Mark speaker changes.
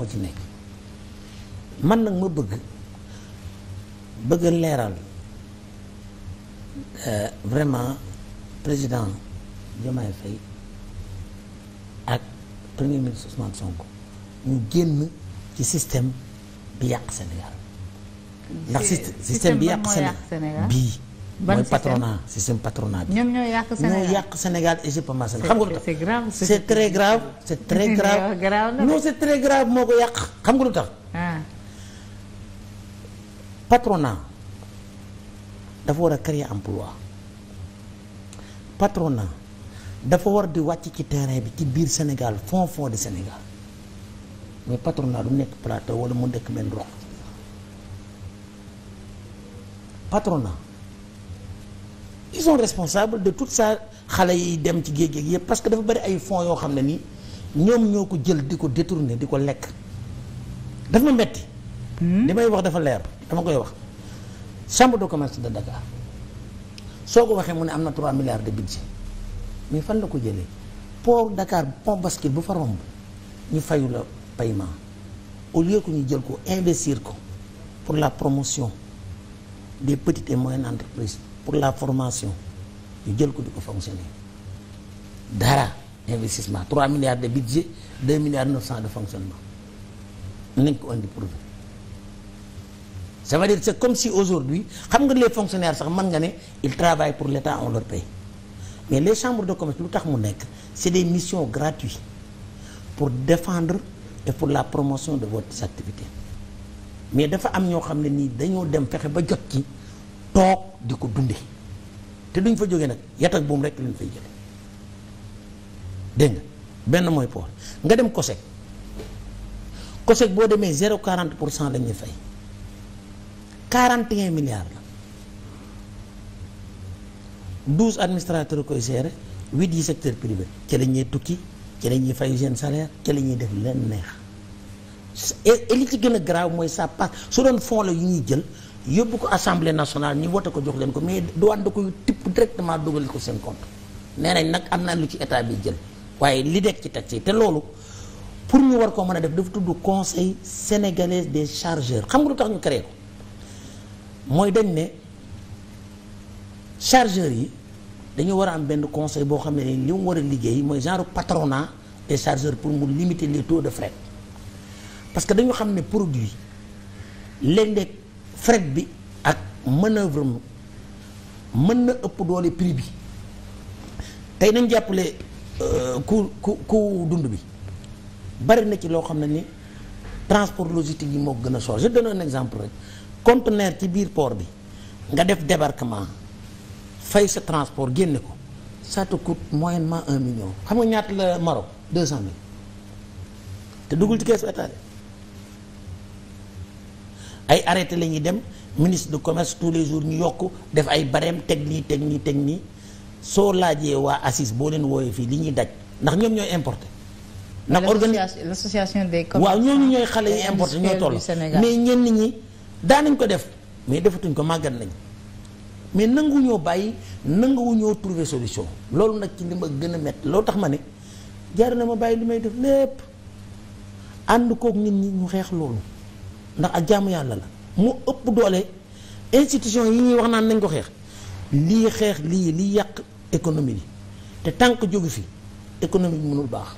Speaker 1: moo ci nekk man nag ma bëgg bëgg leeral euh, vraiment président Diomaye Faye ak premier ministre Ousmane Sonko ñu génn ci système bi yàq Sénégal. ndax système bi yàq Sénégal bii.
Speaker 2: mooy patronat
Speaker 1: système patronat bi. ñoom ñoo yàq Sénégal ñoo et c'est pas mal xam nga lu tax. c'est grave c'est très grave. Euh, c'est très moo ko yàq xam nga lu tax. Ah. patronat dafa war a créer emploi patronat dafa war di wàcc ci terrain bi ci biir Sénégal fond fond de Sénégal mais patronat du nekk plateau wala mu nekk benn rox patronat. ils sont responsables de toute ça xale yi dem ci géej géej yëpp parce que dafa bari ay fonds yoo xam ne nii ñoom ñoo ko jël di ko détourner di ko lekk daf ma metti hmm? li may wax dafa leer dama koy wax chambre de commerce de Dakar soo ko waxee mu ne am na 3 milliards de budget mais fan la ko jëlee port Dakar pont bascule bu fa romb ñu fayu la paiement au lieu que ñu jël ko investir ko pour la promotion des petites et moyennes entreprises pour la formation ñu jël ko di ko fonctionner dara investissement 3 milliards de budget 2 milliards cent de fonctionnement nañ ko indi prouvé ça veut dire c'est comme si aujourd'hui xam nga les fonctionnaires sax man nga ne ils travaillent pour l'État on leur paye mais les chambres de commerce lu tax mu nekk c'est des missions gratuites pour défendre et pour la promotion de votre activité mais dafa am ñoo xam ne nii dañoo dem fexe ba jot ci toog di ko dunde te duñ fa jógee nag yat ak buum rek luñ fay jële dégg nga benn mooy poor nga dem COSEC COSEC boo demee zéro quarante pour cent la ñuy fay quarante et un milliards la douze administrateurs koy gérer huit yi secteur privé ci la ñuy tukki ci la ñuy fay seen salaire ci la ñuy def leen neex et li ci gën a garaaw mooy ça passe su doon fonds la yu ñuy jël yóbbu ko assemblée nationale ñu voté ko jox leen ko mais douane da koy tipp directement dugal ko seen compte nee nañ nag am naa lu ci état bi jël waaye li dekk ci tax yi te loolu pour ñu war koo mën a def dafa tudd conseil sénégalais des chargeurs xam nga lu tax ñu créé ko mooy dañ ne chargeurs yi dañu war a am benn conseil boo xam ne ni li mu war a liggéey mooy genre patronat des chargeurs pour mu limiter les taux de frais parce que dañu xam ne produit léeg-léeg fret bi ak manœuvre am mën na ëpp doole prix bi tey nañ jàppale ku ku ku dund bi bari na ci loo xam ne ni transport logistique yi moo gën a soor je donne exemple rek conteneur ci biir port bi nga def débarquement fay sa transport génne ko ça te coûte moyennement un million xam nga ñaata la Maroc deux cent mille te duggul ci keesu état ay arrêté la ñuy dem ministre de commerce tous les jours ñu yokk def ay barème teg nii teg nii teg nii soo laajee waa assise boo leen wooyee fii li ñuy daj ndax ñoom ñooy importé ndax organisation l'association des commerçants waaw ñooñu ñooy xale yi importé ñoo toll mais ñenn ñi daanañ ko def mais defatuñ ko màggat nañ mais nanguwuñoo bàyyi nanguwuñoo trouver solution loolu nag ci li ma gën a métti loo tax ma ne jaar na ma bàyyi li may def lépp ànd kook nit ñi xeex loolu ndax ak jaamu yàlla la mu ëpp doole institution yi ñuy wax naan nañ ko xeex lii xeex lii li yàq économie bi te tànk jógu fi économie bi mënul baax